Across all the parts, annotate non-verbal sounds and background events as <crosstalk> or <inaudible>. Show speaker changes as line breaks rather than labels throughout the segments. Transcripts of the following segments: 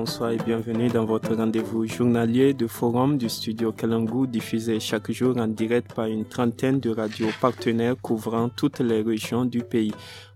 bonsoir et bienvenue dans votre rendez-vous journalier de forum du studio Kalangu diffusé chaque jour en direct par une trentaine de radios partenaires couvrant toutes les régions du pays.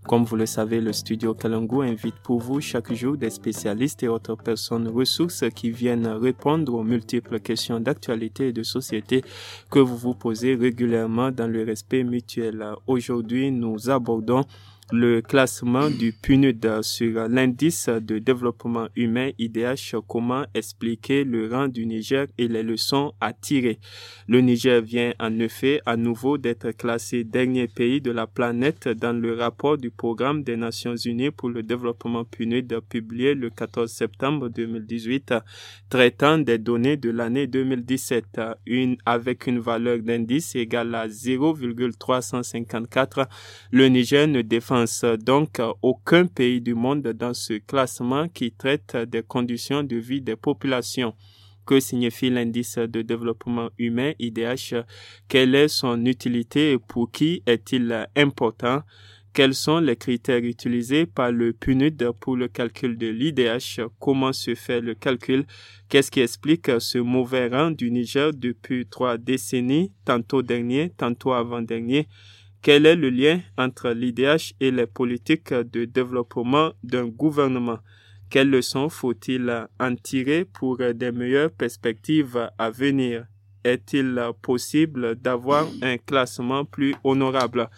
Comme vous le savez, le studio Kalangu invite pour vous chaque jour des spécialistes et autres personnes ressources qui viennent répondre aux multiples questions d'actualité et de société que vous vous posez régulièrement dans le respect mutuel. Aujourd'hui, nous abordons le classement du PNUD sur l'indice de développement humain IDH, comment expliquer le rang du Niger et les leçons à tirer. Le Niger vient en effet à nouveau d'être classé dernier pays de la planète dans le rapport du programme des Nations Unies pour le développement PNUD publié le 14 septembre 2018 traitant des données de l'année 2017 avec une valeur d'indice égale à 0,354. Le Niger ne défend donc, aucun pays du monde dans ce classement qui traite des conditions de vie des populations. Que signifie l'indice de développement humain IDH Quelle est son utilité et pour qui est-il important quels sont les critères utilisés par le PNUD pour le calcul de l'IDH, comment se fait le calcul, qu'est-ce qui explique ce mauvais rang du Niger depuis trois décennies, tantôt dernier, tantôt avant-dernier, quel est le lien entre l'IDH et les politiques de développement d'un gouvernement Quelles leçons faut-il en tirer pour des meilleures perspectives à venir Est-il possible d'avoir un classement plus honorable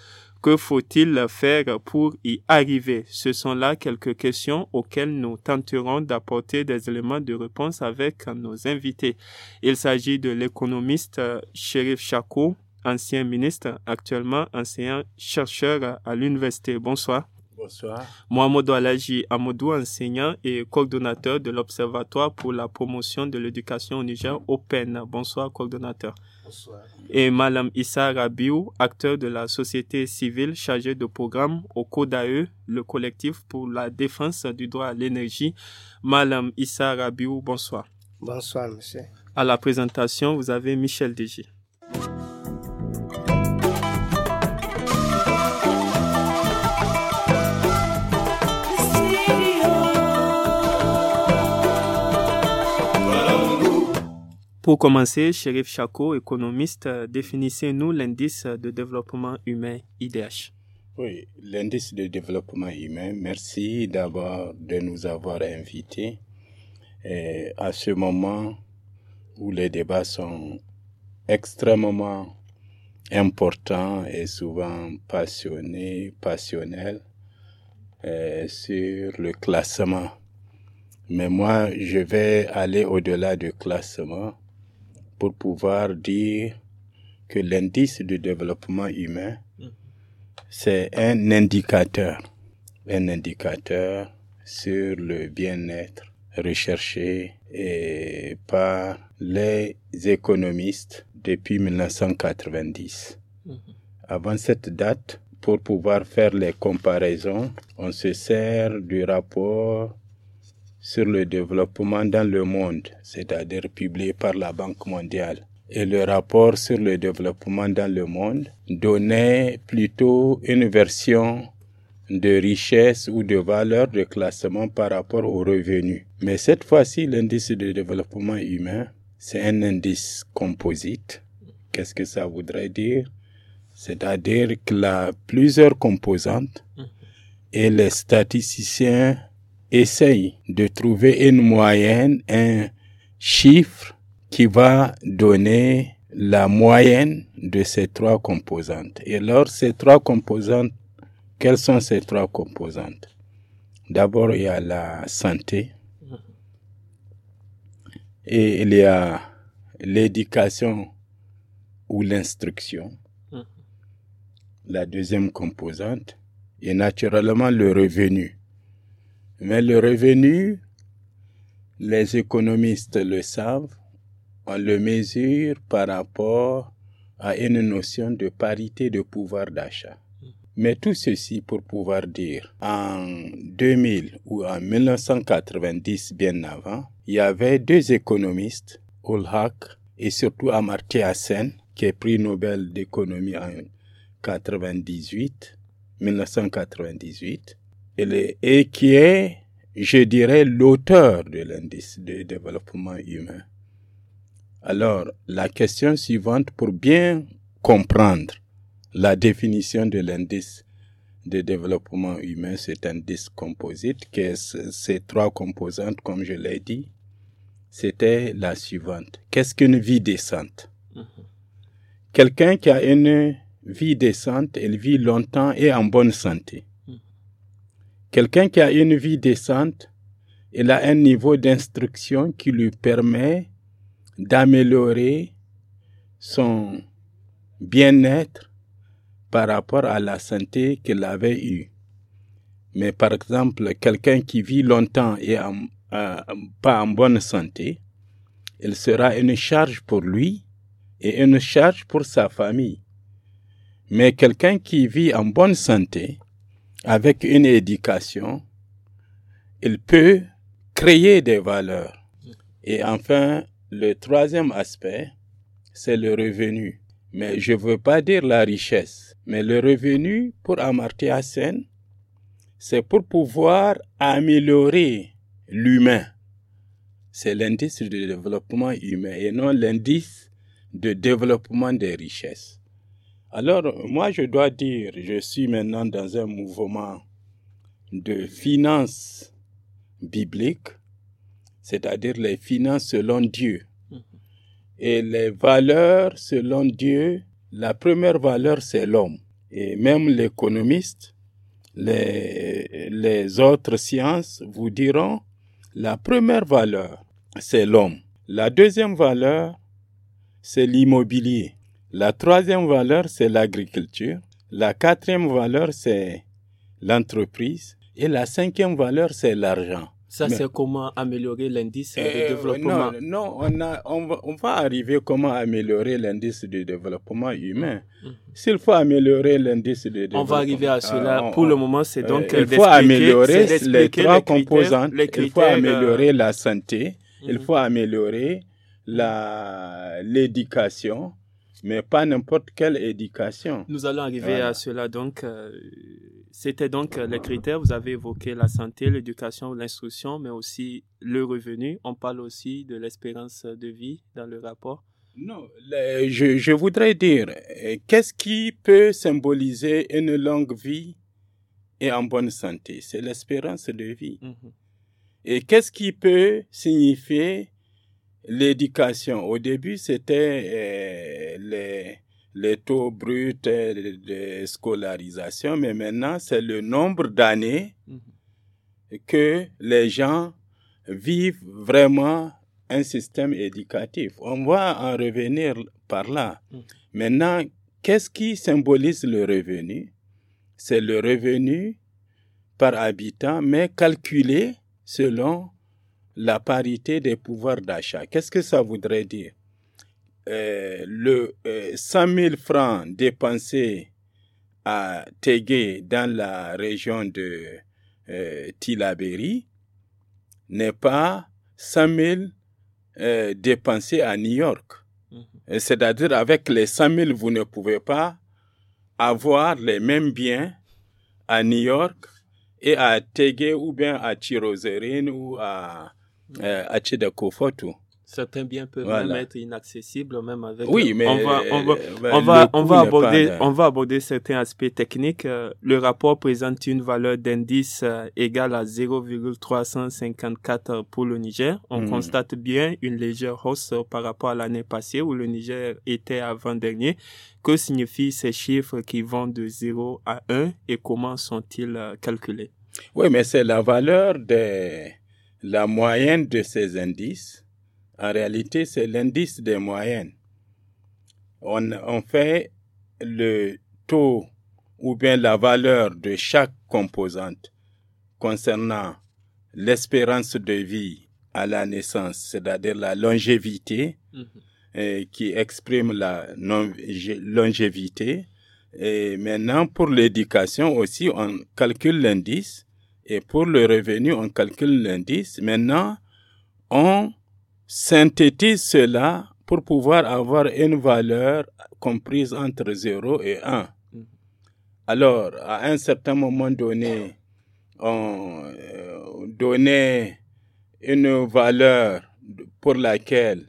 que faut-il faire pour y arriver Ce sont là quelques questions auxquelles nous tenterons d'apporter des éléments de réponse avec nos invités. Il s'agit de l'économiste Sherif Chakou, ancien ministre, actuellement enseignant-chercheur à l'université. Bonsoir. Bonsoir. Mohamed Alaji Amadou, enseignant et coordonnateur de l'Observatoire pour la promotion de l'éducation au Niger, OPEN. Bonsoir, coordonnateur. Bonsoir. Et Madame Issa Rabiou, acteur de la société civile chargée de programme au CODAE, le collectif pour la défense du droit à l'énergie. Madame Issa Rabiou, bonsoir.
Bonsoir, monsieur.
À la présentation, vous avez Michel Dégis. Pour commencer, Chérif Chako, économiste, euh, définissez-nous l'indice de développement humain IDH.
Oui, l'indice de développement humain, merci d'abord de nous avoir invités à ce moment où les débats sont extrêmement importants et souvent passionnés, passionnels euh, sur le classement. Mais moi, je vais aller au-delà du classement pour pouvoir dire que l'indice du développement humain, mm. c'est un indicateur, un indicateur sur le bien-être recherché et par les économistes depuis 1990. Mm-hmm. Avant cette date, pour pouvoir faire les comparaisons, on se sert du rapport sur le développement dans le monde, c'est-à-dire publié par la Banque mondiale. Et le rapport sur le développement dans le monde donnait plutôt une version de richesse ou de valeur de classement par rapport aux revenus. Mais cette fois-ci, l'indice de développement humain, c'est un indice composite. Qu'est-ce que ça voudrait dire C'est-à-dire qu'il a plusieurs composantes mhm. et les statisticiens essaye de trouver une moyenne, un chiffre qui va donner la moyenne de ces trois composantes. Et alors, ces trois composantes, quelles sont ces trois composantes D'abord, il y a la santé. Et il y a l'éducation ou l'instruction. Mm. La deuxième composante. Et naturellement, le revenu. Mais le revenu, les économistes le savent, on le mesure par rapport à une notion de parité de pouvoir d'achat. Mais tout ceci pour pouvoir dire, en 2000 ou en 1990, bien avant, il y avait deux économistes, Olhak et surtout Amartya Sen, qui est prix Nobel d'économie en 98, 1998, et qui est, je dirais, l'auteur de l'indice de développement humain. Alors, la question suivante, pour bien comprendre la définition de l'indice de développement humain, c'est un indice composite, que ces trois composantes, comme je l'ai dit, c'était la suivante. Qu'est-ce qu'une vie décente mm-hmm. Quelqu'un qui a une vie décente, elle vit longtemps et en bonne santé. Quelqu'un qui a une vie décente, il a un niveau d'instruction qui lui permet d'améliorer son bien-être par rapport à la santé qu'il avait eue. Mais par exemple, quelqu'un qui vit longtemps et euh, pas en bonne santé, il sera une charge pour lui et une charge pour sa famille. Mais quelqu'un qui vit en bonne santé, avec une éducation, il peut créer des valeurs. Et enfin, le troisième aspect, c'est le revenu. Mais je ne veux pas dire la richesse. Mais le revenu pour Amartya Sen, c'est pour pouvoir améliorer l'humain. C'est l'indice de développement humain et non l'indice de développement des richesses. Alors, moi, je dois dire, je suis maintenant dans un mouvement de finances bibliques, c'est-à-dire les finances selon Dieu. Mm-hmm. Et les valeurs selon Dieu, la première valeur, c'est l'homme. Et même l'économiste, les, les autres sciences vous diront, la première valeur, c'est l'homme. La deuxième valeur, c'est l'immobilier. La troisième valeur, c'est l'agriculture. La quatrième valeur, c'est l'entreprise. Et la cinquième valeur, c'est l'argent. Ça, c'est
comment améliorer l'indice de eh, développement. Non,
on, va, on, arriver comment améliorer l'indice de développement humain. Mm. S'il faut améliorer l'indice de développement... On va arriver à ah, cela. Pour le moment, c'est euh, donc... il euh, faut améliorer les trois composantes. il faut euh, améliorer la santé. Il mm. faut améliorer l'éducation mais pas n'importe quelle éducation.
Nous allons arriver à cela. Donc, euh, c'était donc euh, les critères. Vous avez évoqué la santé, l'éducation, l'instruction, mais aussi le revenu. On parle aussi de l'espérance de vie dans le rapport. Non, je, voudrais dire, euh,
qu'est-ce qui peut symboliser une longue vie et en bonne santé C'est l'espérance de vie. Mhm. Et qu'est-ce qui peut signifier l'éducation. Au début, c'était euh, les, les taux bruts de scolarisation, mais maintenant, c'est le nombre d'années mhm. que les gens vivent vraiment un système éducatif. On va en revenir par là. Mhm. Maintenant, qu'est-ce qui symbolise le revenu C'est le revenu par habitant, mais calculé selon la parité des pouvoirs d'achat. Qu'est-ce que ça voudrait dire euh, Le 100 euh, 000 francs dépensés à Tegué dans la région de euh, Tilaberi n'est pas 100 000 euh, dépensés à New York. Mm-hmm. C'est-à-dire avec les 100 000, vous ne pouvez pas avoir les mêmes biens à New York et à Tegué ou bien à Tirozerine ou à Certains biens peuvent même être
inaccessibles, même avec. Oui, euh, mais on va, on va, euh, ben, on va, aborder, on va aborder certains aspects techniques. Euh, le rapport présente une valeur d'indice égale à 0,354 pour le Niger. On hmm. constate bien une légère hausse par rapport à l'année passée où le Niger était avant-dernier. Que signifient ces chiffres qui vont de 0 à 1 et comment sont-ils calculés? Oui, mais c'est la
valeur des la moyenne de ces indices, en réalité, c'est l'indice des moyennes. On, on, fait le taux ou bien la valeur de chaque composante concernant l'espérance de vie à la naissance, c'est-à-dire la longévité, mhm. euh, qui exprime la longévité. Et maintenant, pour l'éducation aussi, on calcule l'indice et pour le revenu, on calcule l'indice. Maintenant, on synthétise cela pour pouvoir avoir une valeur comprise entre 0 et 1. Mhm. Alors, à un certain moment donné, euh, on donnait une valeur pour laquelle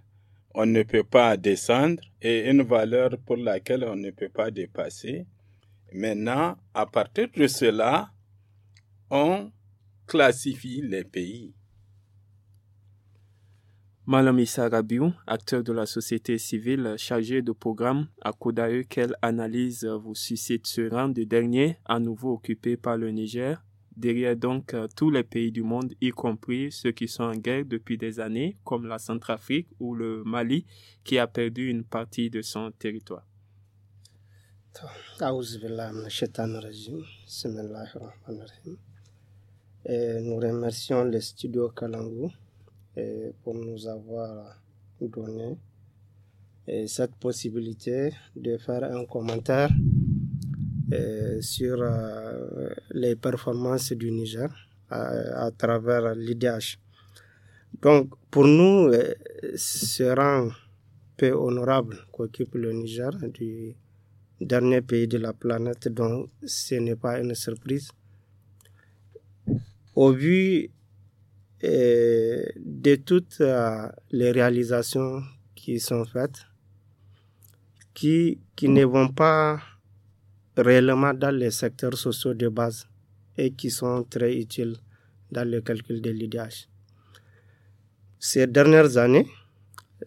on ne peut pas descendre et une valeur pour laquelle on ne peut pas dépasser. Maintenant, à partir de cela, on
classifie les pays. Malami Rabiou, acteur de la société civile chargé de programme, à Kodae, quelle analyse vous suscite ce rang de dernier, à nouveau occupé par le Niger, derrière donc euh, tous les pays du monde, y compris ceux qui sont en guerre depuis des années, comme la Centrafrique ou le Mali, qui a perdu une partie de son territoire
nous remercions le studio Kalangu pour nous avoir donné cette possibilité de faire un commentaire sur euh, les performances du Niger à, travers l'IDH. Donc, pour nous, euh, ce rang peu honorable qu'occupe le Niger du dernier pays de la planète, donc ce n'est pas une surprise au vu euh, de toutes euh, les réalisations qui sont faites, qui, qui ne vont pas réellement dans les secteurs sociaux de base et qui sont très utiles dans le calcul de l'IDH. Ces dernières années,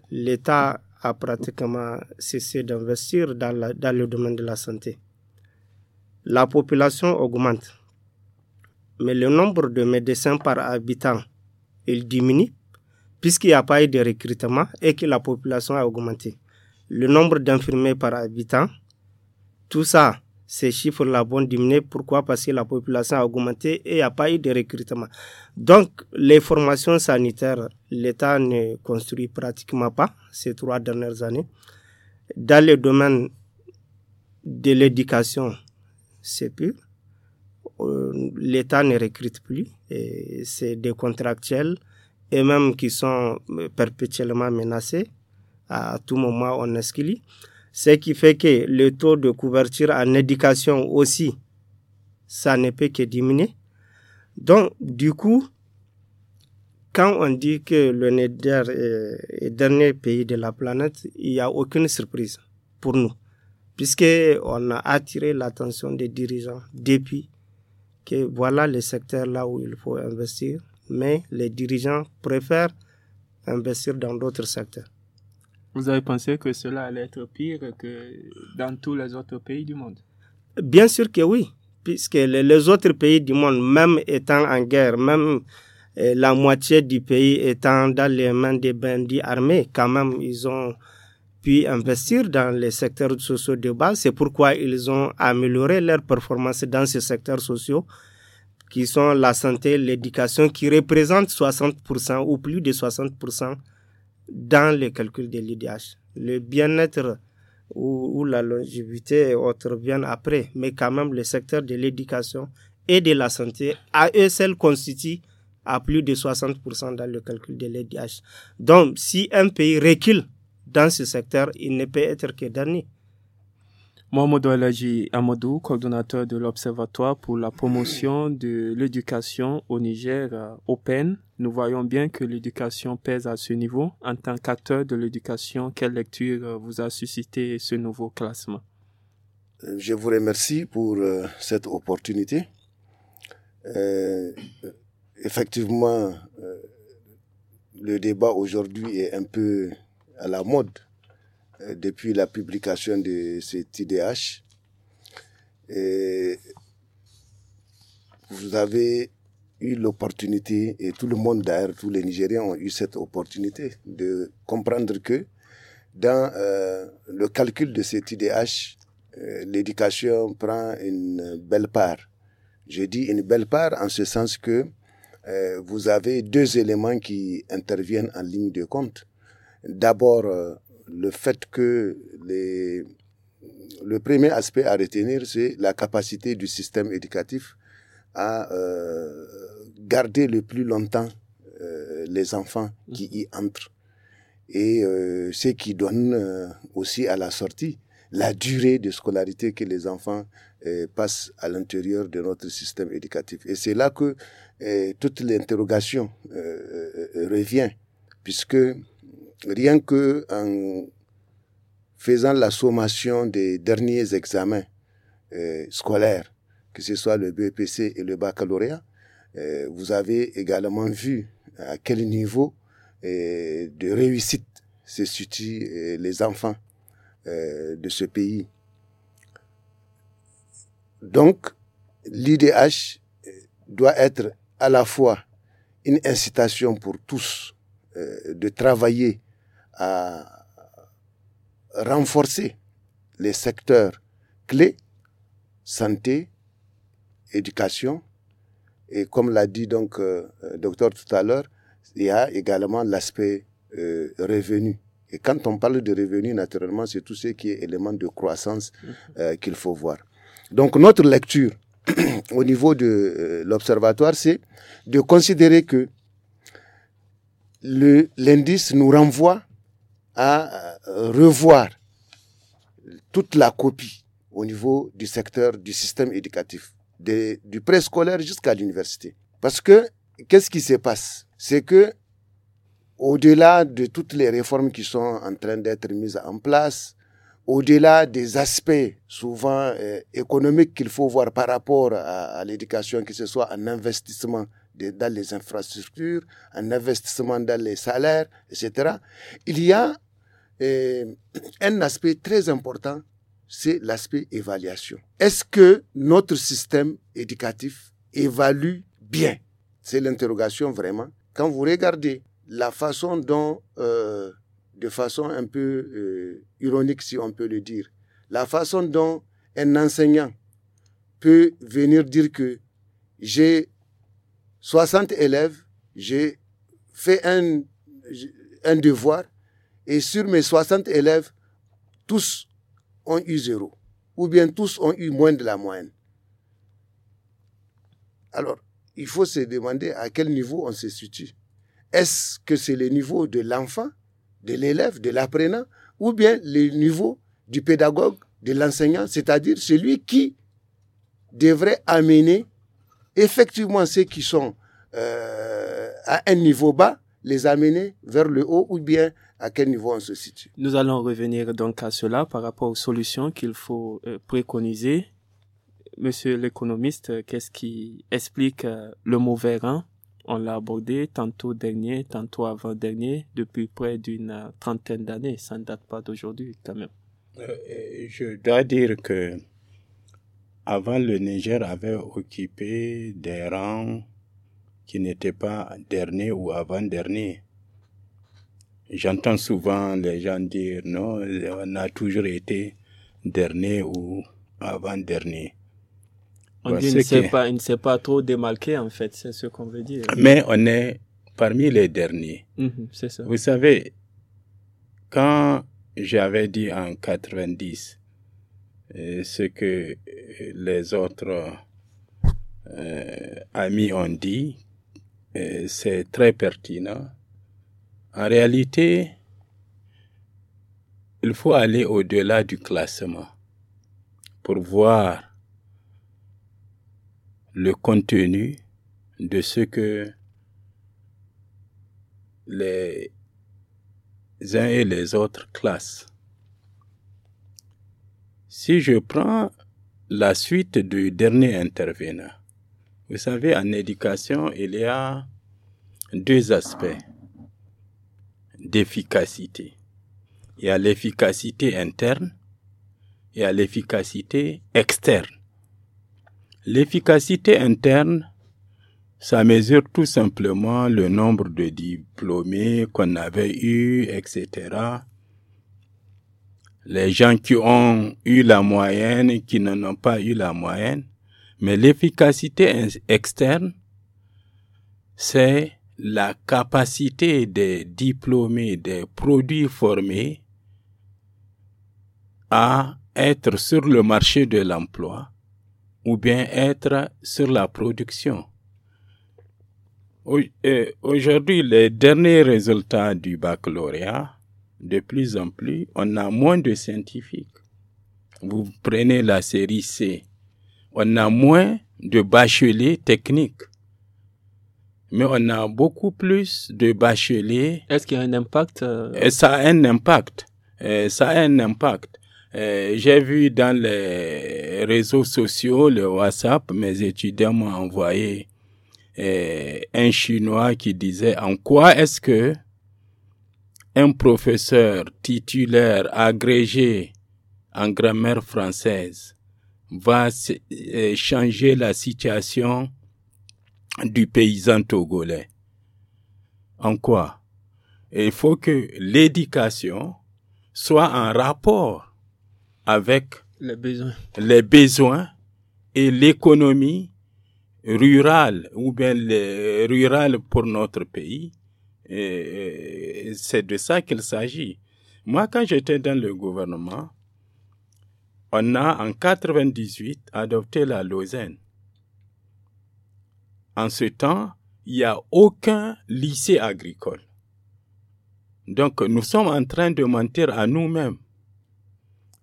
l'État a pratiquement cessé d'investir dans, dans, le domaine de la santé. La population augmente mais le nombre de médecins par habitant, il diminue puisqu'il n'y a pas eu de recrutement et que la population a augmenté. Le nombre d'infirmiers par habitant, tout ça, ces chiffres-là vont diminuer. Pourquoi Parce que la population a augmenté et il n'y a pas eu de recrutement. Donc, les formations sanitaires, l'État ne construit pratiquement pas ces trois dernières années. Dans le domaine de l'éducation, c'est plus. Euh, l'État ne recrute plus. C'est des contractuels et même qui sont euh, perpétuellement menacés. À tout moment, on esquilie. Ce qui fait que le taux de couverture en éducation aussi, ça ne peut que diminuer. Donc, du coup, quand on dit que le Niger est le dernier pays de la planète, il n'y a aucune surprise pour nous, puisque on a attiré l'attention des dirigeants depuis voilà les secteurs là où il faut investir, mais les dirigeants préfèrent investir dans d'autres secteurs. Vous avez pensé que cela
allait être pire que dans tous les autres pays du monde
Bien sûr que oui, puisque les autres pays du monde, même étant en guerre, même eh, la moitié du pays étant dans les mains des bandits armés, quand même, ils ont puis investir dans les secteurs sociaux de base. C'est pourquoi ils ont amélioré leurs performances dans ces secteurs sociaux qui sont la santé, l'éducation, qui représentent 60% ou plus de 60% dans le calcul de l'IDH. Le bien-être ou, la longévité et après, mais quand même le secteur de l'éducation et de la santé, à eux seuls, constituent à plus de 60% dans le calcul de l'IDH. Donc, si un pays recule dans ce secteur, il ne peut être que dernier. Mohamed Alaji
Amadou, coordonnateur de l'Observatoire pour la promotion de l'éducation au Niger euh, Open. Nous voyons bien que l'éducation pèse à ce niveau. En tant qu'acteur de l'éducation, quelle lecture euh, vous a suscité ce nouveau classement
euh, Je vous remercie pour cette opportunité. effectivement, le débat aujourd'hui est un peu à la mode euh, depuis la publication de cet IDH. Et vous avez eu l'opportunité, et tout le monde d'ailleurs, tous les Nigériens ont eu cette opportunité de comprendre que dans euh, le calcul de cet IDH, euh, l'éducation prend une belle part. Je dis une belle part en ce sens que vous avez deux éléments qui interviennent en ligne de compte. D'abord, euh, le fait que les, le premier aspect à retenir, c'est la capacité du système éducatif à euh, garder le plus longtemps euh, les enfants qui y entrent. Et euh, ce qui donne euh, aussi à la sortie la durée de scolarité que les enfants euh, passent à l'intérieur de notre système éducatif. Et c'est là que toute l'interrogation revient, puisque rien que en faisant la sommation des derniers examens euh, scolaires, que ce soit le BEPC et le baccalauréat, euh, vous avez également vu à quel niveau euh, de réussite se situent les enfants de ce pays. Donc, l'IDH doit être à la fois une incitation pour tous de travailler à renforcer les secteurs clés, santé, éducation, et comme l'a dit donc le euh, euh, docteur tout à l'heure, il y a également l'aspect euh, revenu. Et quand on parle de revenu, naturellement, c'est tout ce qui est élément de croissance mhm. qu'il faut voir. Donc notre lecture <clears throat> au niveau de l'observatoire, c'est de considérer que l'indice nous renvoie à euh, revoir toute la copie au niveau du secteur du système éducatif, du préscolaire jusqu'à l'université. Parce que qu'est-ce qui se passe C'est que au-delà de toutes les réformes qui sont en train d'être mises en place, au-delà des aspects souvent euh, économiques qu'il faut voir par rapport à, à l'éducation, que ce soit en investissement, dans les infrastructures, un investissement dans les salaires, etc. Il y a euh, <clears throat> un aspect très important, c'est l'aspect évaluation. Est-ce que notre système éducatif évalue bien C'est l'interrogation vraiment. Quand vous regardez la façon dont, euh, de façon un peu euh, ironique si on peut le dire, la façon dont un enseignant peut venir dire que j'ai 60 élèves, j'ai fait un, devoir et sur mes 60 élèves, tous ont eu zéro ou bien tous ont eu moins de la moyenne. Alors, il faut se demander à quel niveau on se situe. Est-ce que c'est le niveau de l'enfant, de l'élève, de l'apprenant, ou bien le niveau du pédagogue, de l'enseignant, c'est-à-dire celui qui devrait amener effectivement ceux qui sont euh, à un niveau bas, les amener vers le haut ou bien à quel niveau on se situe.
Nous allons revenir donc à cela par rapport aux solutions qu'il faut euh, préconiser. Monsieur l'économiste, euh, qu'est-ce qui explique le mauvais rang On l'a abordé tantôt dernier, tantôt avant-dernier, depuis près d'une trentaine d'années. Ça ne date pas d'aujourd'hui quand même. je
dois dire que avant, le Niger avait occupé des rangs qui n'étaient pas derniers ou avant-derniers. J'entends souvent les gens dire non, on a toujours été dernier ou avant-dernier.
On ne sait, pas, il ne s'est pas trop démarqué en fait, c'est ce qu'on veut dire. Mais
on est parmi les derniers. Mhm, Vous savez, quand j'avais dit en 90 euh, ce que les autres euh, amis ont dit, c'est très pertinent. En réalité, il faut aller au-delà du classement pour voir le contenu de ce que les uns et les autres classent. Si je prends la suite du dernier intervenant. Vous savez, en éducation, il y a deux aspects d'efficacité. Il y a l'efficacité interne et l'efficacité externe. L'efficacité interne, ça mesure tout simplement le nombre de diplômés qu'on avait eu, etc les gens qui ont eu la moyenne et qui n'en ont pas eu la moyenne. Mais l'efficacité externe, c'est la capacité des diplômés, des produits formés à être sur le marché de l'emploi ou bien être sur la production. Euh, aujourd'hui, les derniers résultats du baccalauréat de plus en plus, on a moins de scientifiques. Vous prenez la série C, on a moins de bacheliers techniques. Mais on a beaucoup plus de bacheliers.
Est-ce qu'il y a un impact
euh? Ça a un impact. ça a un impact. J'ai vu dans les réseaux sociaux, le WhatsApp, mes étudiants m'ont envoyé un Chinois qui disait en quoi est-ce que un professeur titulaire agrégé en grammaire française va euh, changer la situation du paysan togolais. En quoi Il faut que l'éducation soit en rapport avec les besoins, et l'économie rurale ou bien euh, rurale pour notre pays et c'est de ça qu'il s'agit. Moi, quand j'étais dans le gouvernement, on a en 1998, adopté la Lausanne. En ce temps, il n'y a aucun lycée agricole. Donc, nous sommes en train de mentir à nous-mêmes.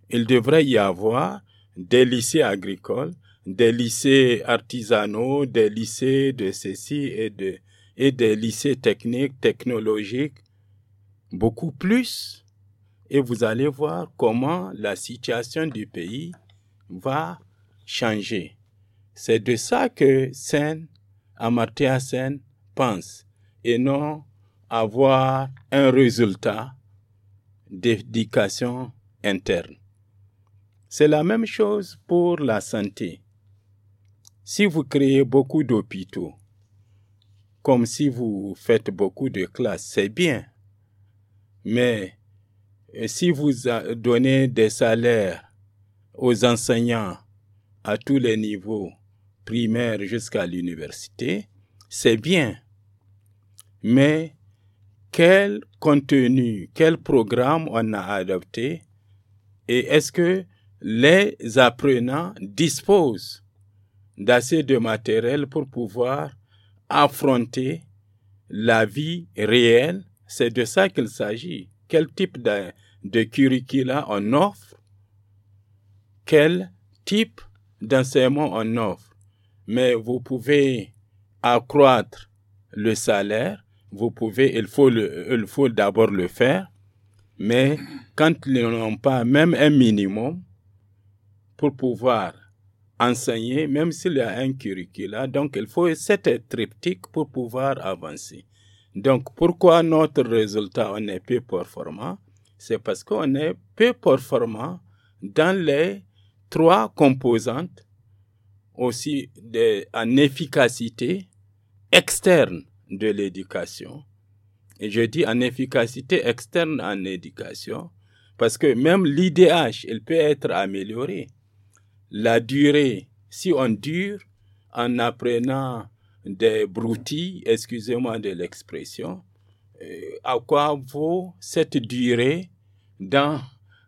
Il devrait y avoir des lycées agricoles, des lycées artisanaux, des lycées de ceci et de et des lycées techniques, technologiques, beaucoup plus. Et vous allez voir comment la situation du pays va changer. C'est de ça que Sen, Amartya Sen, pense, et non avoir un résultat d'éducation interne. C'est la même chose pour la santé. Si vous créez beaucoup d'hôpitaux, comme si vous faites beaucoup de classes, c'est bien. Mais euh, si vous donnez des salaires aux enseignants à tous les niveaux, primaire jusqu'à l'université, c'est bien. Mais quel contenu, quel programme on a adopté et est-ce que les apprenants disposent d'assez de matériel pour pouvoir affronter la vie réelle. C'est de ça qu'il s'agit. Quel type de, curricula on offre Quel type d'enseignement on offre Mais vous pouvez accroître le salaire. Vous pouvez, il faut, il faut d'abord le faire. Mais quand ils n'ont pas même un minimum pour pouvoir enseigner, même s'il y a un curricula. Donc, il faut cette triptyque pour pouvoir avancer. Donc, pourquoi notre résultat, on est peu performant C'est parce qu'on est peu performant dans les trois composantes, aussi de, en efficacité externe de l'éducation. Et je dis en efficacité externe en éducation, parce que même l'IDH, il peut être amélioré la durée, si on dure en apprenant des broutilles, excusez-moi de l'expression, euh, à quoi vaut cette durée dans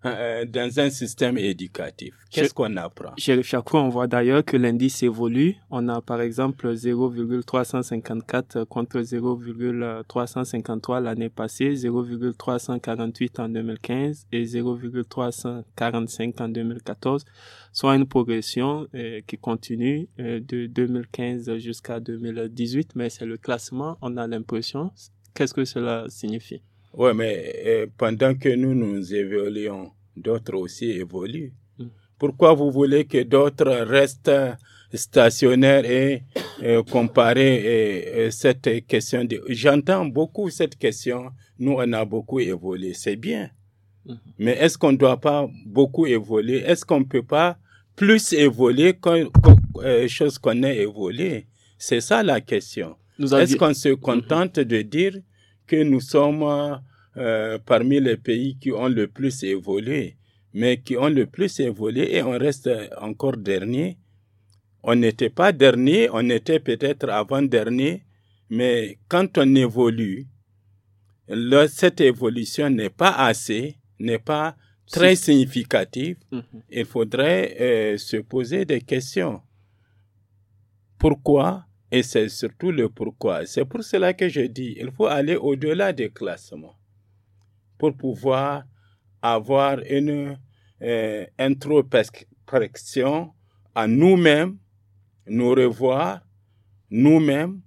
euh, dans un système éducatif. Qu'est-ce qu'on apprend
Chaque fois, on voit d'ailleurs que l'indice évolue. On a par exemple 0,354 euh, contre 0,353 l'année passée, 0,348 en 2015 et 0,345 en 2014, soit une progression euh, qui continue de 2015 jusqu'à 2018, mais c'est le classement, on a l'impression. Qu'est-ce que cela signifie oui, mais euh, pendant que nous
nous évoluons, d'autres aussi évoluent. Mm. Pourquoi vous voulez que d'autres restent stationnaires et, et euh, comparer euh, cette question de... J'entends beaucoup cette question. Nous, on a beaucoup évolué. C'est bien. Mm. Mais est-ce qu'on ne doit pas beaucoup évoluer Est-ce qu'on ne peut pas plus évoluer que chose qu'on a évolué C'est ça la question. Est-ce qu'on se mm-hmm. contente de dire que nous sommes euh, parmi les pays qui ont le plus évolué, mais qui ont le plus évolué et on reste encore dernier. On n'était pas dernier, on était peut-être avant-dernier, mais quand on évolue, cette évolution n'est pas assez, n'est pas très significative. Mhm. Il faudrait euh, se poser des questions. Pourquoi et c'est surtout le pourquoi. C'est pour cela que je dis, il faut aller au-delà des classements pour pouvoir avoir une euh, introspection à nous-mêmes, nous revoir nous-mêmes,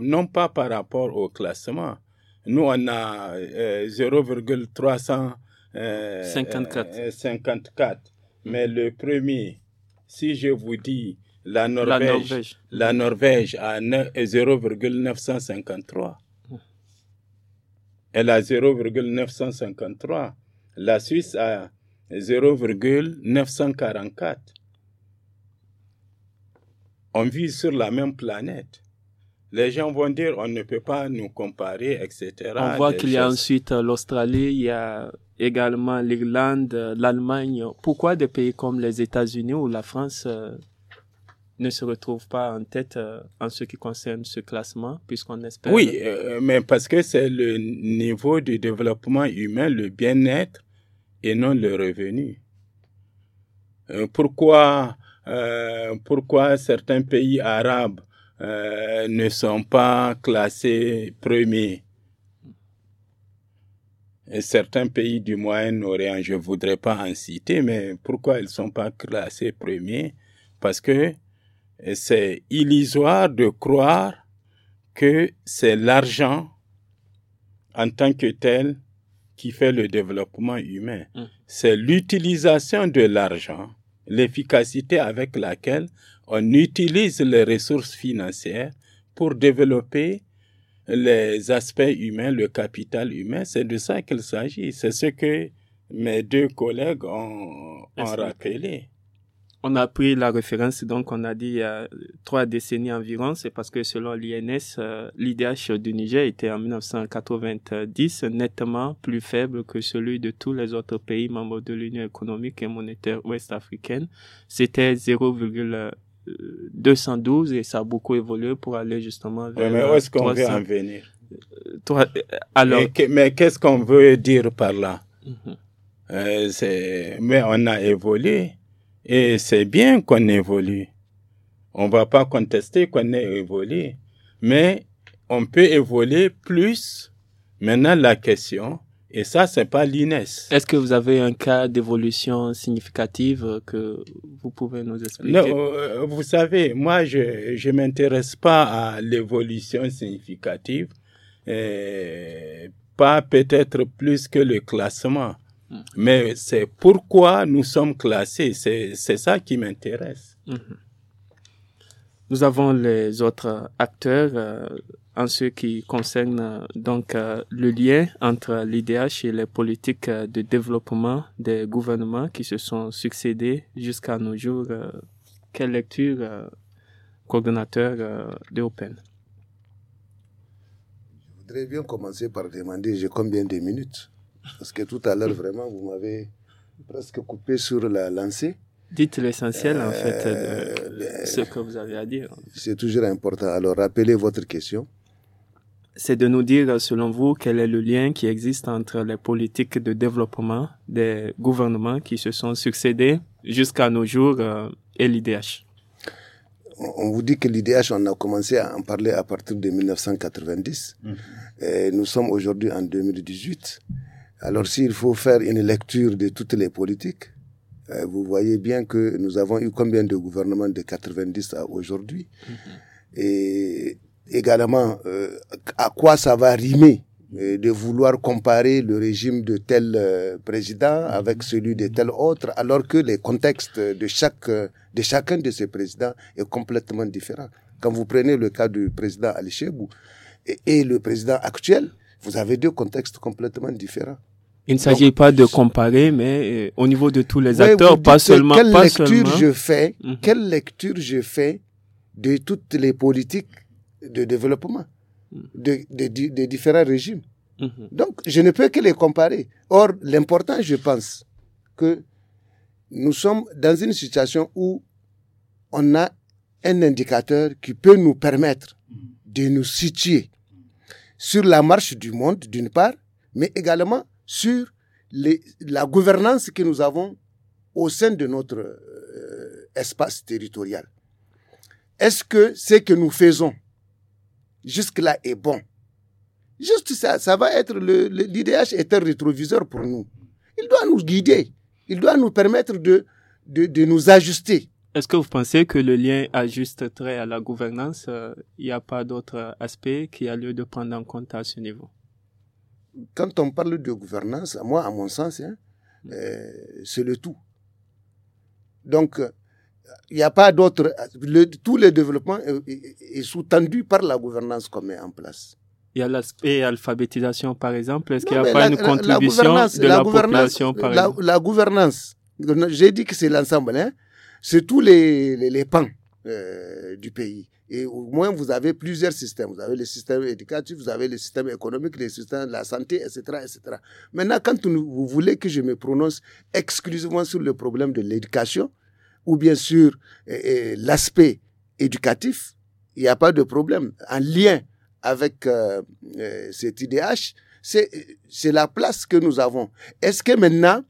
non pas par rapport au classement. Nous, on a 0,354. Euh, euh, mais le premier, si je vous dis la Norvège, la Norvège. a 0,953. Elle a 0,953. La Suisse a 0,944. On vit sur la même planète. Les gens vont dire on ne peut pas nous comparer, etc. On voit qu'il y a ensuite
l'Australie, il y a également l'Irlande, l'Allemagne. Pourquoi des pays comme les États-Unis ou la France euh, ne se retrouve pas en tête euh, en ce qui concerne ce classement, puisqu'on espère. Oui,
euh, mais parce que c'est le niveau du développement humain, le bien-être et non le revenu. Euh, pourquoi, pourquoi certains pays arabes ne sont pas classés premiers et certains pays du Moyen-Orient, je voudrais pas en citer, mais pourquoi ils ne sont pas classés premiers Parce que c'est illusoire de croire que c'est l'argent en tant que tel qui fait le développement humain. Mm. C'est l'utilisation de l'argent, l'efficacité avec laquelle on utilise les ressources financières pour développer les aspects humains, le capital humain. C'est de ça qu'il s'agit. C'est ce que mes deux collègues ont rappelé
on a pris la référence, donc on a dit il y a trois décennies environ, c'est parce que selon l'INS, euh, l'IDH du Niger était en 1990 nettement plus faible que celui de tous les autres pays membres de l'Union économique et monétaire ouest-africaine. C'était 0,212 euh, et ça a beaucoup évolué pour aller justement vers... mais où
alors... Mais qu'est-ce qu'on veut dire par là mhm. euh, Mais on a évolué et c'est bien qu'on évolue. On va pas contester qu'on ait évolué, mais on peut évoluer plus. Maintenant, la question, et ça, c'est pas l'INES. Est-ce
que vous avez un cas d'évolution significative que vous pouvez nous expliquer Non,
euh, vous savez, moi, je je m'intéresse pas à l'évolution significative, pas peut-être plus que le classement. Mm-hmm.
Mais c'est pourquoi
nous sommes classés. C'est ça qui m'intéresse.
Mm-hmm. Nous avons les autres acteurs euh, en ce qui concerne euh, donc euh, le lien entre l'IDH et les politiques de développement des gouvernements qui se sont succédés jusqu'à nos jours. quelle lecture, coordonnateur de Open
Je voudrais bien commencer par demander j'ai combien de minutes parce que tout à l'heure, vraiment, vous m'avez presque coupé sur la lancée. Dites l'essentiel, en fait, de euh, ben, ce que vous avez à dire. C'est toujours important. Alors, rappelez votre question.
C'est de nous dire, selon vous, quel est le lien qui existe entre les politiques de développement des gouvernements qui se sont succédés jusqu'à nos jours euh, et l'IDH.
On vous dit que l'IDH, on a commencé à en parler à partir de 1990. Mmh. Et nous sommes aujourd'hui en 2018. Alors s'il faut faire une lecture de toutes les politiques, euh, vous voyez bien que nous avons eu combien de gouvernements de 90 à aujourd'hui. Mhm. Et également, euh, à quoi ça va rimer euh, de vouloir comparer le régime de tel président mhm. avec celui de tel autre, alors que le contexte de chaque de chacun de ces présidents est complètement différent. Quand vous prenez le cas du président Ali et, le président actuel, vous avez deux contextes complètement différents.
Il ne s'agit pas de comparer, mais euh, au niveau de tous les acteurs, pas seulement. Quelle lecture je
fais mhm. Quelle lecture je fais de toutes les politiques de développement mhm. des de, différents régimes mhm. Donc, je ne peux que les comparer. Or, l'important, je pense, que nous sommes dans une situation où on a un indicateur qui peut nous permettre de nous situer sur la marche du monde, d'une part, mais également sur la gouvernance que nous avons au sein de notre euh, espace territorial. Est-ce que ce que nous faisons jusque-là est bon Juste ça, ça va être le, l'IDH est un rétroviseur pour nous. Il doit nous guider, il doit nous permettre de, de, de nous ajuster est-ce
que vous pensez que le lien a juste trait à la gouvernance euh, Il n'y a pas d'autre aspect qui a lieu de
prendre en compte à ce niveau Quand on parle de gouvernance, moi, à mon sens, hein, mm. euh, c'est le tout. Donc, euh, il n'y a pas d'autre. Tous tout le développement est, sous-tendu par la gouvernance qu'on met en place.
Il y a l'aspect alphabétisation, par exemple. Est-ce qu'il n'y a pas une contribution de la, population, par exemple
La gouvernance. J'ai dit que c'est l'ensemble. Hein? c'est tous les, pans euh, du pays. Et au moins, vous avez plusieurs systèmes. Vous avez le système éducatif, vous avez le système économique, le système de la santé, etc. etc. Maintenant, quand vous voulez que je me prononce exclusivement sur le problème de l'éducation, ou bien sur l'aspect éducatif, il n'y a pas de problème. En lien avec euh, euh, cet IDH, c'est la place que nous avons. Est-ce que maintenant,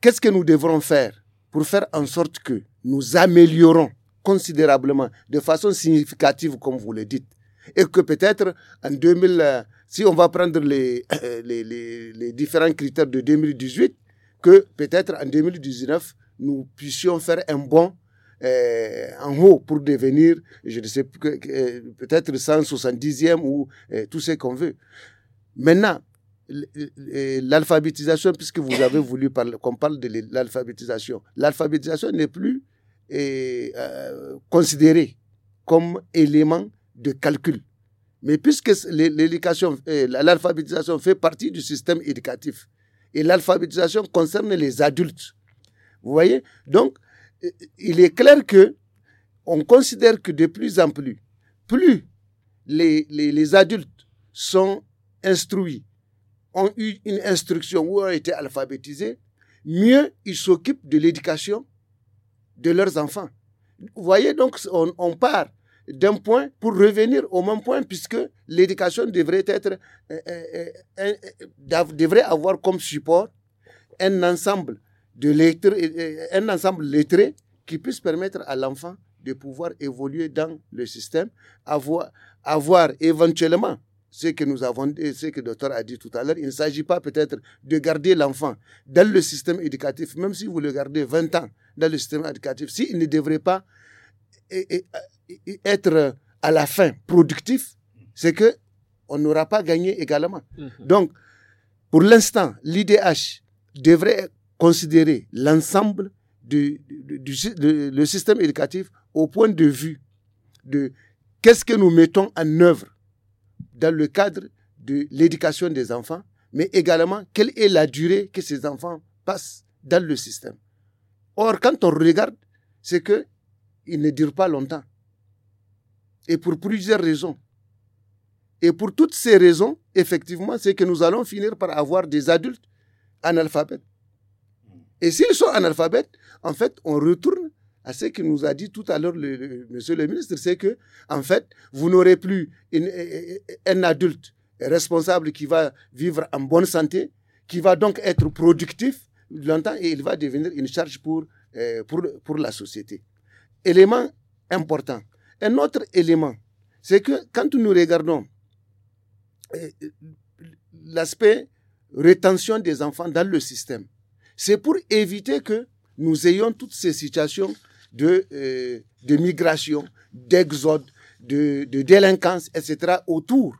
qu'est-ce que nous devrons faire pour faire en sorte que nous améliorons considérablement, de façon significative, comme vous le dites. Et que peut-être en 2000, euh, si on va prendre euh, les, les, les, différents critères de 2018, que peut-être en 2019, nous puissions faire un bond euh, en haut pour devenir, je ne sais, plus, peut-être 170e ou tout ce qu'on veut. Maintenant, l'alphabétisation, puisque vous avez voulu qu'on parle de l'alphabétisation, l'alphabétisation n'est plus euh, considérée comme élément de calcul. Mais puisque l'éducation, euh, l'alphabétisation fait partie du système éducatif, et l'alphabétisation concerne les adultes. Vous voyez Donc, euh, il est clair que on considère que de plus en plus, plus les adultes sont instruits, ont eu une instruction ou ont été alphabétisés, mieux ils s'occupent de l'éducation de leurs enfants. Vous voyez donc, on, part d'un point pour revenir au même point, puisque l'éducation devrait être, euh, euh, euh, devrait avoir comme support un ensemble de lettres, un ensemble lettré qui puisse permettre à l'enfant de pouvoir évoluer dans le système, avoir, avoir éventuellement ce que nous avons, ce que le docteur a dit tout à l'heure, il ne s'agit pas peut-être de garder l'enfant dans le système éducatif, même si vous le gardez 20 ans dans le système éducatif, s'il ne devrait pas être à la fin productif, c'est que on n'aura pas gagné également. Mm-hmm. Donc, pour l'instant, l'IDH devrait considérer l'ensemble du, le système éducatif au point de vue de qu'est-ce que nous mettons en œuvre dans le cadre de l'éducation des enfants, mais également quelle est la durée que ces enfants passent dans le système. Or, quand on regarde, c'est qu'ils ne durent pas longtemps. Et pour plusieurs raisons. Et pour toutes ces raisons, effectivement, c'est que nous allons finir par avoir des adultes analphabètes. Et s'ils sont analphabètes, en fait, on retourne à ce que nous a dit tout à l'heure le, monsieur le ministre, c'est que, en fait, vous n'aurez plus un adulte responsable qui va vivre en bonne santé, qui va donc être productif longtemps et il va devenir une charge pour, euh, pour, la société. Élément important. Un autre élément, c'est que quand nous regardons euh, l'aspect rétention des enfants dans le système, c'est pour éviter que nous ayons toutes ces situations de, euh, de migration, d'exode, de, délinquance, etc. autour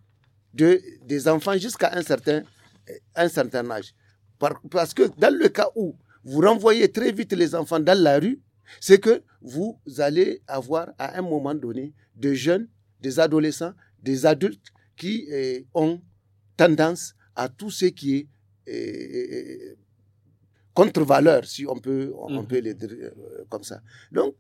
de, des enfants jusqu'à un certain, euh, un certain âge. parce que dans le cas où vous renvoyez très vite les enfants dans la rue, c'est que vous allez avoir à un moment donné des jeunes, des adolescents, des adultes qui euh, ont tendance à tout ce qui est contre-valeurs, si on peut, mm. les dire euh, comme ça. Donc,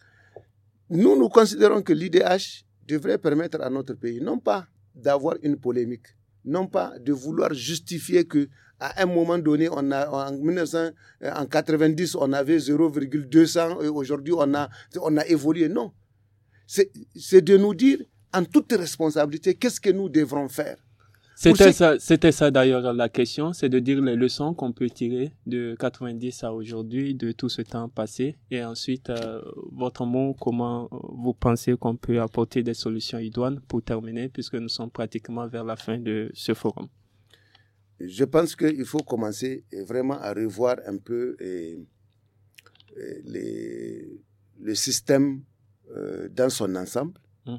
nous, nous considérons que l'IDH devrait permettre à notre pays, non pas d'avoir une polémique, non pas de vouloir justifier que à un moment donné, on a, en 1990, euh, on avait 0,200 et aujourd'hui, on a, on a évolué. Non. C'est de nous dire, en toute responsabilité, qu'est-ce que nous devrons faire c'était
ça, c'était ça d'ailleurs la question, c'est de dire les leçons qu'on peut tirer de 90 à aujourd'hui, de tout ce temps passé, et ensuite euh, votre mot, comment euh, vous pensez qu'on peut apporter des solutions idoines pour terminer, puisque nous sommes pratiquement vers la fin de ce forum.
Je pense qu'il faut commencer vraiment à revoir un peu le système euh, dans son ensemble. Mhm.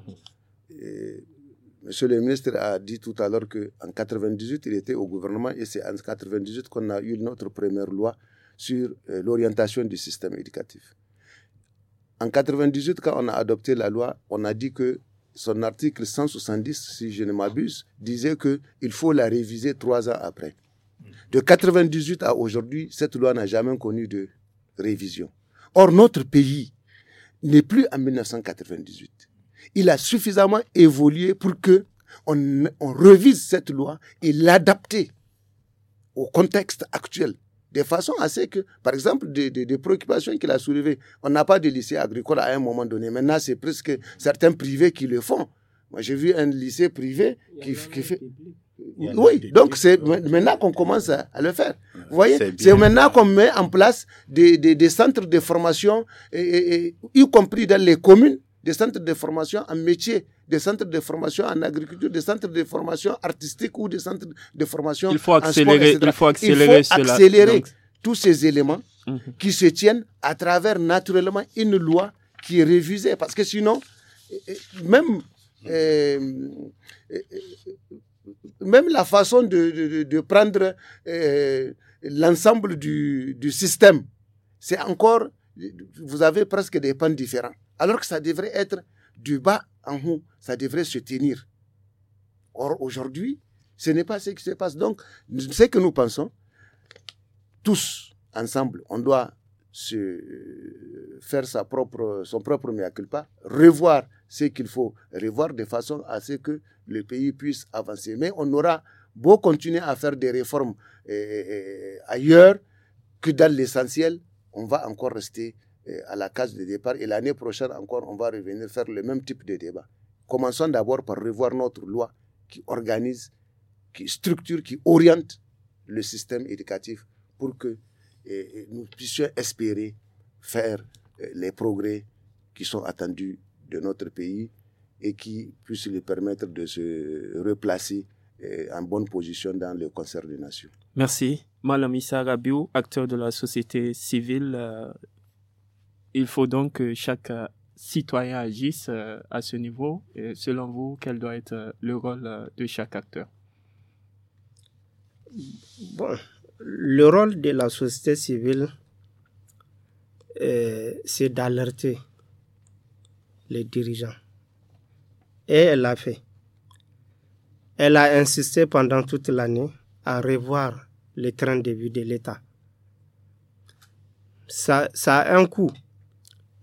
Monsieur le ministre a dit tout à l'heure qu'en 1998, il était au gouvernement et c'est en 98 qu'on a eu notre première loi sur euh, l'orientation du système éducatif. En 1998, quand on a adopté la loi, on a dit que son article 170, si je ne m'abuse, disait qu'il faut la réviser trois ans après. Mm. De 98 à aujourd'hui, cette loi n'a jamais connu de révision. Or, notre pays n'est plus en 1998 il a suffisamment évolué pour que on, on revise cette loi et l'adapter au contexte actuel de façon à ce que, par exemple, des, des, préoccupations qu'il a soulevées, on n'a pas de lycée agricole à un moment donné. Maintenant, c'est presque certains privés qui le font. Moi, j'ai vu un lycée privé qui, qui fait. Oui, donc c'est maintenant qu'on commence à, le faire. Vous voyez, c'est maintenant qu'on met en place des, des, centres de formation, et, y compris dans les communes, des centres de formation en métier, des centres de formation en agriculture, des centres de formation artistique ou des centres de formation il faut accélérer, en sport, il faut accélérer, il faut accélérer tous ces éléments mhm. qui se tiennent à travers naturellement une loi qui est révisée. Parce que sinon, même, euh, euh, euh, même la façon de, prendre l'ensemble du, du système, c'est encore, vous avez presque des pans différents alors que ça devrait être du bas en haut, ça devrait se tenir. Or, aujourd'hui, ce n'est pas ce qui se passe. Donc, ce que nous pensons, tous ensemble, on doit se euh, faire sa propre, son propre mea culpa, revoir ce qu'il faut revoir de façon à ce que le pays puisse avancer. Mais on aura beau continuer à faire des réformes euh, euh, ailleurs que dans l'essentiel, on va encore rester euh, à la case de départ. Et l'année prochaine encore, on va revenir faire le même type de débat. Commençons d'abord par revoir notre loi qui organise, qui structure, qui oriente le système éducatif pour que euh, euh, nous puissions espérer faire les progrès qui sont attendus de notre pays et qui puissent lui permettre de se replacer en bonne position dans le concert des nations.
Merci. Malamissa Issa Rabiou, acteur de la société civile, il faut donc que chaque euh, citoyen agisse euh, à ce niveau. Et selon vous, quel doit être euh, le rôle de chaque acteur
le rôle de la société civile, c'est d'alerter les dirigeants. Et elle l'a fait. Elle a insisté pendant toute l'année à revoir les trains de vue de l'État. Ça, ça a un coût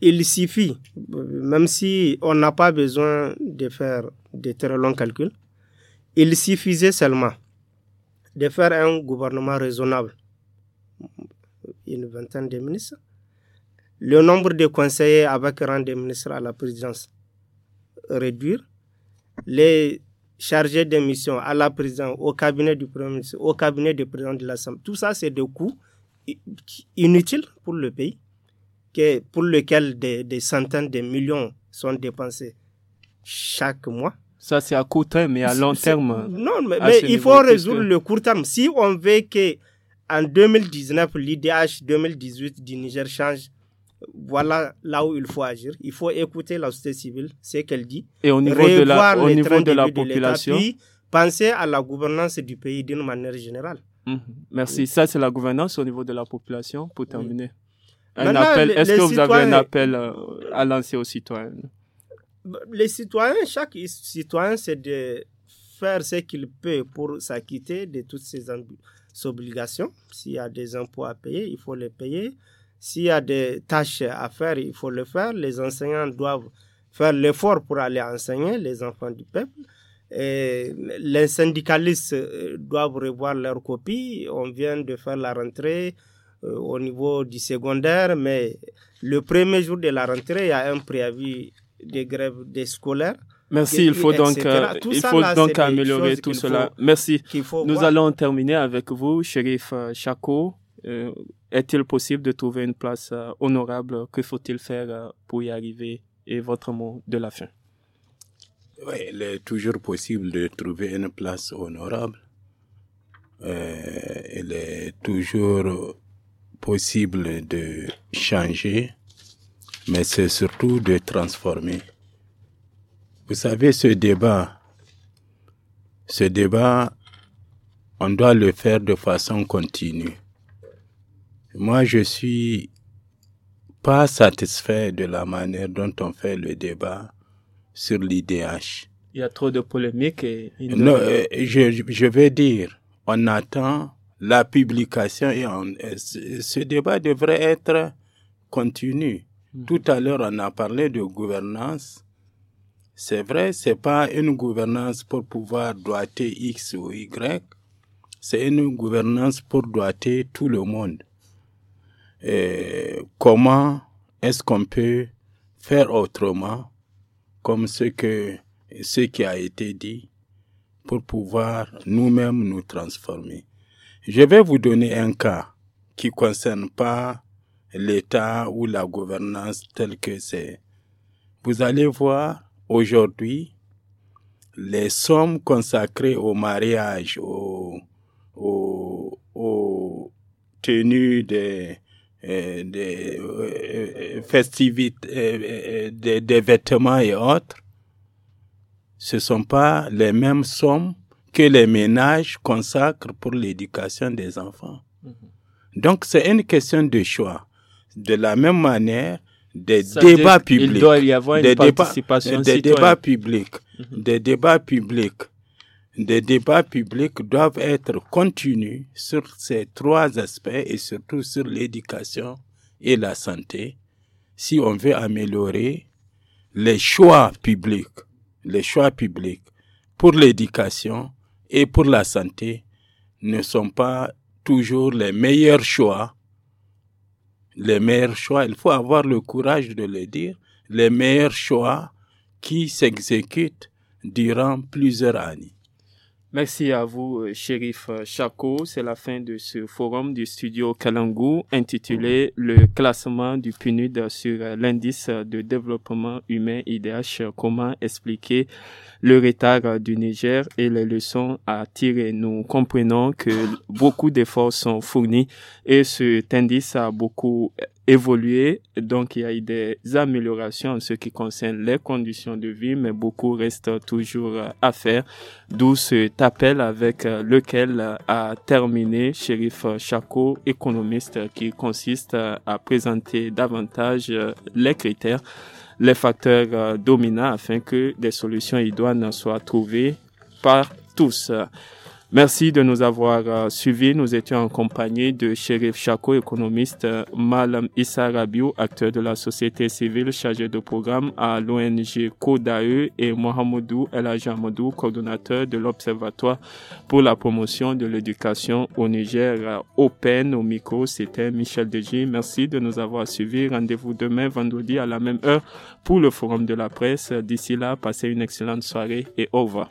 il suffit, même si on n'a pas besoin de faire de très longs calculs, il suffisait seulement de faire un gouvernement raisonnable, une vingtaine de ministres, le nombre de conseillers avec rang de ministre à la présidence réduire, les chargés de mission à la présidence, au cabinet du Premier ministre, au cabinet du président de l'Assemblée, tout ça c'est des coûts inutiles pour le pays que, pour lequel des, centaines de millions sont dépensés chaque mois. Ça, c'est à court terme mais à long terme. Non, mais, il faut résoudre le court terme. Si on veut que en 2019, l'IDH 2018 du Niger change, voilà là où il faut agir. Il faut écouter la société civile, ce qu'elle dit. Et au niveau de la, au niveau de la population. penser à la gouvernance du pays d'une manière générale. Mhm. Merci. Ça, c'est la gouvernance au niveau de
la population pour terminer. Est-ce que vous avez un appel euh, à lancer aux citoyens
Les citoyens, chaque citoyen, c'est de faire ce qu'il peut pour s'acquitter de toutes ses, obligations. S'il y a des impôts à payer, il faut les payer. S'il y a des tâches à faire, il faut le faire. Les enseignants doivent faire l'effort pour aller enseigner les enfants du peuple. Et les syndicalistes euh, doivent revoir leurs copies. On vient de faire la rentrée. Euh, au niveau du secondaire, mais le premier jour de la rentrée, il y a un préavis de grève des scolaires. Merci, il faut donc, euh, il faut donc améliorer tout cela. Merci. Nous allons
terminer avec vous, Chérif euh, Chako. Est-il possible de trouver une place honorable Que faut-il faire pour y arriver Et votre mot de la fin.
Oui, il est toujours possible de trouver une place honorable. il est toujours possible de changer, mais c'est surtout de transformer. Vous savez, ce débat, ce débat, on doit le faire de façon continue. Moi, je suis pas satisfait de la manière dont on fait le débat sur l'IDH.
Il y a trop de polémiques et... Non, euh,
je, je vais dire, on attend la publication et, ce débat devrait être continu. Mhm. Tout à l'heure, on a parlé de gouvernance. C'est vrai, c'est pas une gouvernance pour pouvoir doiter X ou Y. C'est une gouvernance pour doiter tout le monde. Et comment est-ce qu'on peut faire autrement, comme ce que ce qui a été dit, pour pouvoir nous-mêmes nous transformer. Je vais vous donner un cas qui ne concerne pas l'État ou la gouvernance telle que c'est. Vous allez voir aujourd'hui les sommes consacrées au mariage, aux, tenues des, euh, euh, festivités, euh, des, vêtements et autres, ce ne sont pas les mêmes sommes que les ménages consacrent pour l'éducation des enfants. Mhm. Donc c'est une question de choix. De la même manière, des débats publics. Il doit y avoir des une participation des débats publics. Mhm. Des débats publics. Des débats publics doivent être continus sur ces trois aspects et surtout sur l'éducation et la santé si on veut améliorer les choix publics, les choix publics pour l'éducation et pour la santé ne sont pas toujours les meilleurs choix. Les meilleurs choix, il faut avoir le courage de le dire, les meilleurs choix qui s'exécutent durant plusieurs
années. Merci à vous, euh, shérif euh, Chako. C'est la fin de ce forum du studio Kalangu intitulé Le classement du PNUD sur euh, l'indice de développement humain IDH. Comment expliquer le retard du Niger et les leçons à tirer. Nous comprenons que beaucoup d'efforts sont fournis et cet indice a beaucoup évolué, donc il y a eu des améliorations en ce qui concerne les conditions de vie, mais beaucoup reste toujours à faire, d'où cet appel avec euh, lequel euh, a terminé Shérif Chaco économiste, qui consiste euh, à présenter davantage les critères, les facteurs dominants afin que des solutions idoines soient trouvées par tous. Merci de nous avoir euh, suivis. Nous étions en compagnie de Shérif Chako, économiste, euh, Malam Issa Rabiou, acteur de la société civile chargé de programme à l'ONG Kodae et Mohamedou El Ajamadou, coordonnateur de l'Observatoire pour la promotion de l'éducation au Niger. Euh, Open au micro, c'était Michel Deji. Merci de nous avoir suivis. Rendez-vous demain, vendredi, à la même heure pour le Forum de la presse. D'ici là, passez une excellente soirée et au revoir.